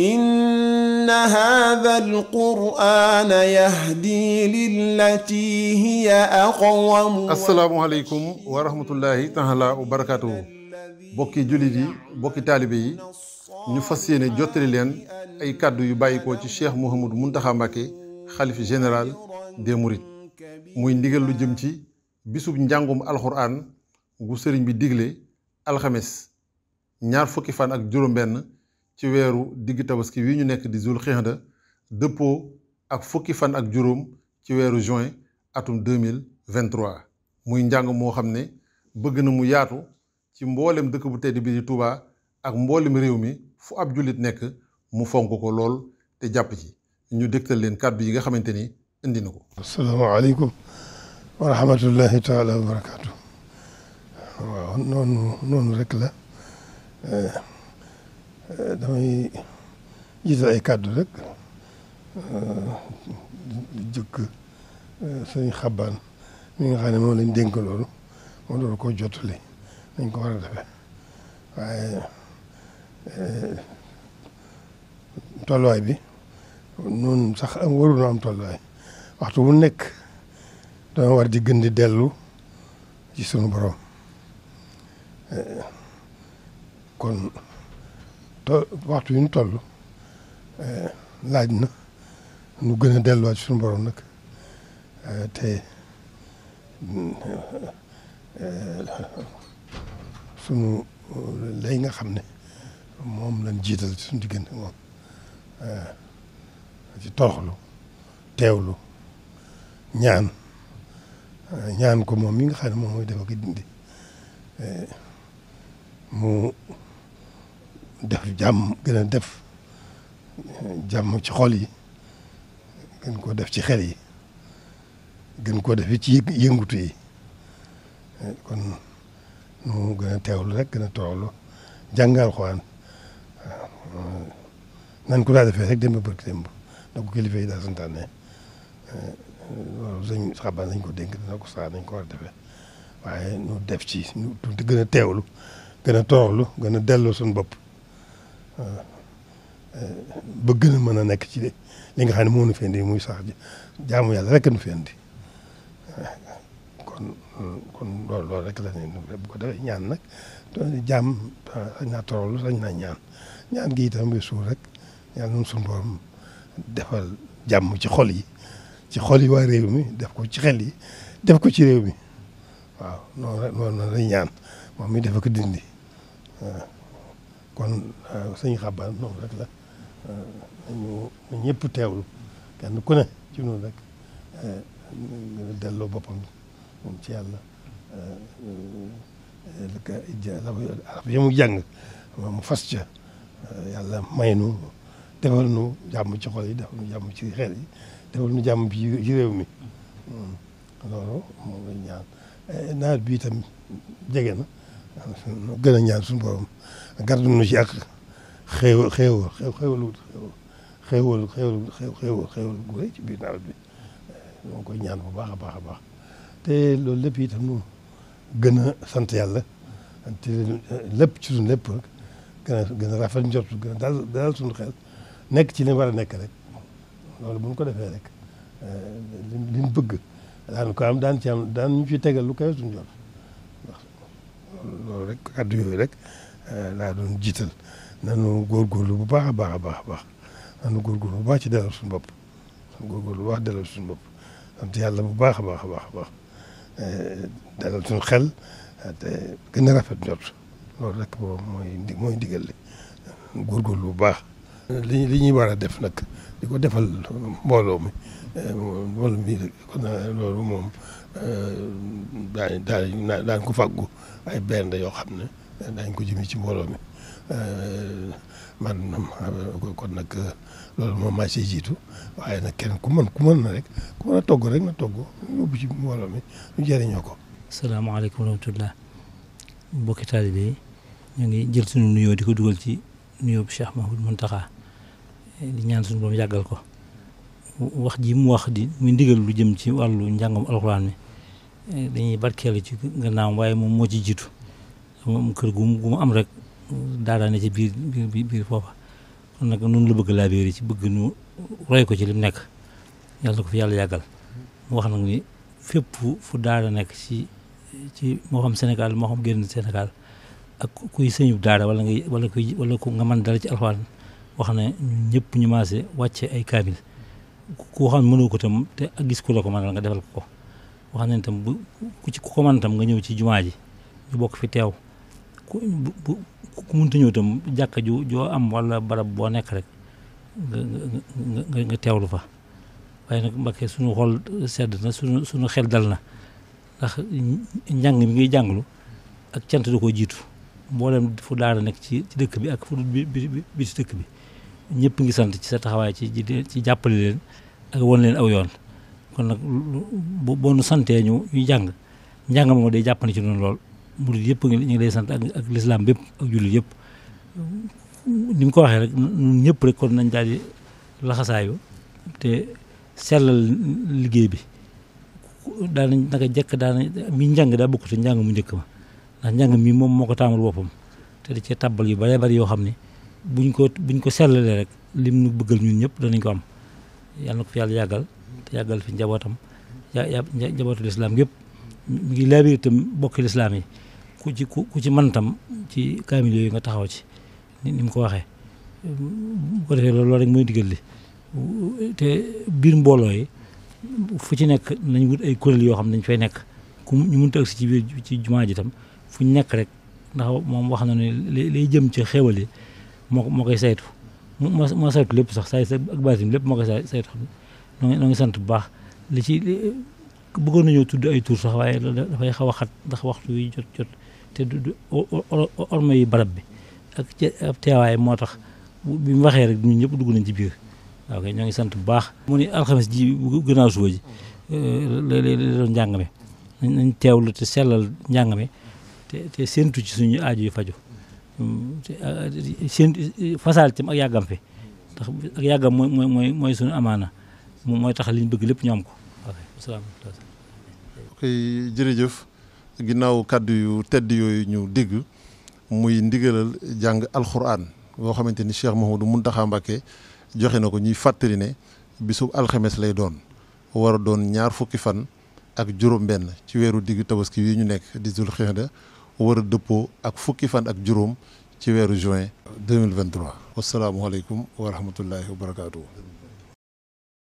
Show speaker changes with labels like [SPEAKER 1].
[SPEAKER 1] إن هذا القرآن يهدي
[SPEAKER 2] للتي هي أقوم السلام bokki yi bokki taalibe yi ñu fas yéene jottali leen ay kàddu yu bàyyikoo ci Cheikh Mouhamadou Mountakha Mbacké xalif général des Mourides muy ndigal lu jëm ci bisub njàngum alxuraan gu sëriñ bi digle alxames ñaar fukki fan ak juróom-benn ci weeru digg tabaski wi ñu nekk di zul xixda dëppoo ak fukki fan ak juróom ci weeru juin atum 2023 muy njàng moo xam ne bëgg na mu yaatu ci mboolem dëkk bu tedd bi di Touba ak mboolem réew mi fu ab jullit nekk mu fonk ko lool te jàpp ci ñu dégtal leen kàddu yi nga xamante ni indi na ko.
[SPEAKER 1] asalaamaaleykum wa rahmatullahi taala wa barakaatu. waaw noonu noonu rek la. Eh, damay jiital ay kàddu rek euh, jëkk euh, sëñ xabaan mi nga xam ne moom lañ dénk loolu moo doon koo jottali nañ ko war a waaye euh, tolluwaay bi noonu sax am waruñoo am tolluwaay waxtu wu nekk dama war di gën di dellu ci sunu borom kon to waxtu yu ñu toll eh, laaj na nu gën a delluwaat suñu nag eh, te eh, sunu lay nga xam ne moom lañ jiital ci suñu diggante moom ci toroxlu teewlu ñaan ñaan ko moom mi nga xam ne moom mooy def ak dindi mu def jàmm gën a def eh, jàmm ci xol yi gën koo def ci xel yi gën koo def ci yëngutu yi eh, kon nu gën a teewlu rek gën a toolu jàngal xuraan waaw eh, nan ko daa defee rek démb bërk démb na ko kilifa yi daa santaane loolu sëñ xaban nañ ko dénk dina ko saa nañ ko war a defee waaye nu def ci nu tuuti gën a teewlu gën a toolu gën a delloo suñu bopp ba gën a mën nekk ci li nga xam ne moo nu fi indi muy sax jaamu yàlla rek nu fi indi kon kon loolu rek la ne bu ko defee ñaan nag jaam sañ naa toroolu sañ naa ñaan ñaan gi itam bi suur rek yàlla nun suñu borom defal jàmm ci xol yi ci xol yi waa réew mi def ko ci xel yi def ko ci réew mi waaw noonu rek noonu ñaan moom mi dafa ko dindi kon euh, sëñ xabaar noonu rek la euh, ñu ñëpp teewlu kenn ku ne ci noonu rek euh, delloo boppam moom ci yàlla arab ya mu jàng mu fas ca yàlla may nu defal nu jàmm ci xol yi defal nu ci xel yi defal nu jàmm ci réew mi hmm. loolu moom lañ ñaan nawet bi itam jege na gën ñaan suñu borom gàttal nu ci ak xéew xéew xéewalu xéewalu xéewalu xéew xéewal gu rëy ci biir nawet bi eh, moo koy ñaan bu baax a baax a baax te loolu lépp itam nu gën a sant yàlla te lépp ci suñu lépp rek gën a gën a rafet njort gën a daal daal suñu xel nekk ci li war a nekk rek loolu bu ñu ko defee rek eh, li ñu bëgg daan ko am daan ci am daan ñu ci tegal lu koy suñu njort ndax loolu rek addu yooyu rek Euh, laa doon jiital nanu góorgóorlu bu baax a baax a baax a baax nanu góorgóorlu bu baax ci dalal suñu bopp góorgóorlu bu baax dalal suñu bopp sant yàlla bu baax a baax a baax a baax euh, dalal suñu xel te gën a rafet njort loolu rek boobu mooy mooy ndigal li góorgóorlu bu baax li li ñuy war a def nag di ko defal mbooloo mi euh, mbooloo mi kon loolu moom daañ daañ daañ ko fàggu ay benn yoo xam ne daañ ko jëmee ci mbooloo mi eh, man kon nag loolu jiitu waaye nag kenn ku mën ku mën na rek ku mën a togg rek na
[SPEAKER 3] togg yóbbu ci mbooloo mi ñu jëriñoo ko. salaamaaleykum wa rahmatulah mbokki taalibe yi ngi jël suñu nuyoo di ko dugal ci nuyoo bu Cheikh Mahmoud Mountakha di ñaan suñu borom yàggal ko wax ji mu wax di muy ndigal lu jëm ci wàllu njàngam alxuraan mi eh, dañuy barkeelu ci gannaawam waaye moom moo ci jiitu. moom kër gu mu am rek daadaan ne ci biir biir biir foofa kon nag noonu la bëgg laa biir ci bëgg nu roy ko ci li nekk yàlla ko fi yàlla yàggal mu wax nag fu daara nekk ci ci moo xam Sénégal moo xam génn Sénégal ak kuy sëñub daara wala wala kuy wala ku nga man dara ci alxuraan wax ne ñëpp ñu maase wàcce ay kaamil ku xam mënoo ko tam te ak gis ku ko mënal nga defal ko ko wax ne tam ku ci ko mën nga ñëw ci jumaa ji ñu bokk fi teew ku bu ku mënta jàkka joo am wala barab boo nekk rek nga nga teewlu fa waaye nag Mbàkke suñu xol sedd na suñu suñu xel dal na ndax njàng mi ngay jànglu ak cant da koo jiitu mboolem fu daara nekk ci ci dëkk bi ak fu bi bi ci dëkk bi ñëpp ngi sant ci sa taxawaay ci ci jàppale leen ak won leen aw yoon kon nag boo santee ñu ñu jàng njàng moom day jàppale ci noonu lool murid yëpp ñu ngi sant ak lislaam bépp ak jullit yëpp ni mu ko waxee rek ñun ñëpp rek kon nañ daal di laxasaayu te sellal liggéey bi daanañ naka jekk daanañ mi njàng daa bokk ci njàng mu njëkk ma ndax njàng mi moom moo ko taamal boppam te da cee tabbal yu bare bari yoo xam ne buñ ko buñ ko sellalee rek lim nu bëggal ñun ñëpp nañ ko am yàlla na ko fi yàlla yàggal te yàggal fi njabootam ya njabootu lislaam gépp mu ngi laabiir itam bokki lislaam yi ku ci ku ci mantam ci kaamil yooyu nga taxaw ci ni mu ko waxee bu ko defee loolu rek mooy digal li te biir mbooloo yi fu ci nekk nañ wut ay kuréel yoo xam ne dañ fay nekk ku ñu mënut a si ci biir ci jumaa ji tam fu ñu nekk rek ndax moom wax na ne lay jëm ci xéwal yi moo moo koy saytu moo saytu lépp sax saay ak baatim lépp moo koy saytu noo ngi sant bu baax li ci bëggoon nañoo tudd ay tur sax waaye dafay xaw a xat ndax waxtu yi jot jot te du du orma barab bi ak ca teewaay moo tax bi mu waxee rek ñun ñëpp dugg nañ ci biir ñoo ngi sant bu baax. mu ni alxames ji gannaaw suba ji euh, la la doon njàng sellal njàng te te séentu ci suñu aaju yu fajo séentu fasaal tam ak yàggam fi ndax mooy mooy mooy suñu amaana mooy tax liñ bëgg lépp ñu ko waaw
[SPEAKER 2] kay ginnaaw kàddu yu tedd yooyu ñu dégg muy ndigalal jàng alxuraan boo xamante ni Cheikh du Mountakha Mbacké joxe na ko ñuy fàttali ne bisub alxames lay doon war a doon ñaar fukki fan ak juróom-benn ci weeru digg tabaski wi ñu nekk di Zul Xinda war a dëppoo ak fukki fan ak juróom ci weeru juin 2023. wasalaamualeykum wa rahmatullahi wa barakaatu.